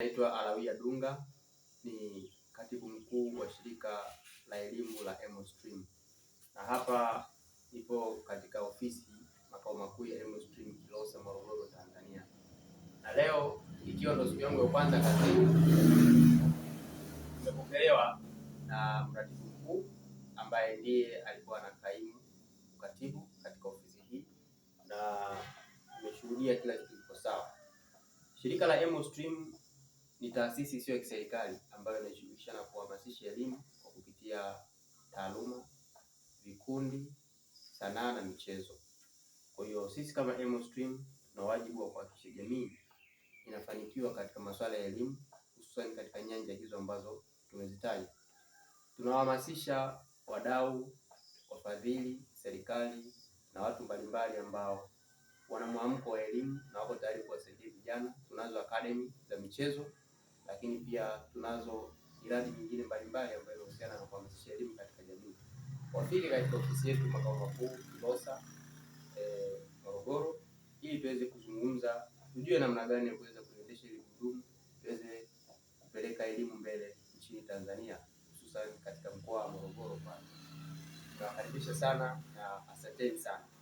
Naitwa Alawia Dunga ni katibu mkuu wa shirika la elimu la EMOSTREAM, na hapa nipo katika ofisi makao makuu ya EMOSTREAM Kilosa, Morogoro, Tanzania. Na leo ikiwa ndo siku yangu ya kwanza kazini, nimepokelewa na mratibu mkuu ambaye ndiye alikuwa na kaimu ukatibu katika ofisi hii, na nimeshuhudia kila kitu kiko sawa. Shirika la EMOSTREAM ni taasisi isiyo ya kiserikali ambayo inajishughulisha na kuhamasisha elimu kwa kupitia taaluma, vikundi, sanaa na michezo. Kwa hiyo sisi kama Emo Stream tuna wajibu wa kuhakikisha jamii inafanikiwa katika masuala ya elimu, hususani katika nyanja hizo ambazo tumezitaja. Tunawahamasisha wadau, wafadhili, serikali na watu mbalimbali ambao wana mwamko wa elimu na wako tayari kuwasaidia vijana. Tunazo academy za michezo lakini pia tunazo miradi mingine mbalimbali ambayo inahusiana na kuhamasisha elimu katika jamii. Wafike katika ofisi yetu makao makuu Kilosa eh, Morogoro ili tuweze kuzungumza, tujue namna gani ya kuweza kuendesha elimu hudumu tuweze kupeleka elimu mbele nchini Tanzania hususan katika mkoa wa Morogoro. Tunawakaribisha sana na asanteni sana.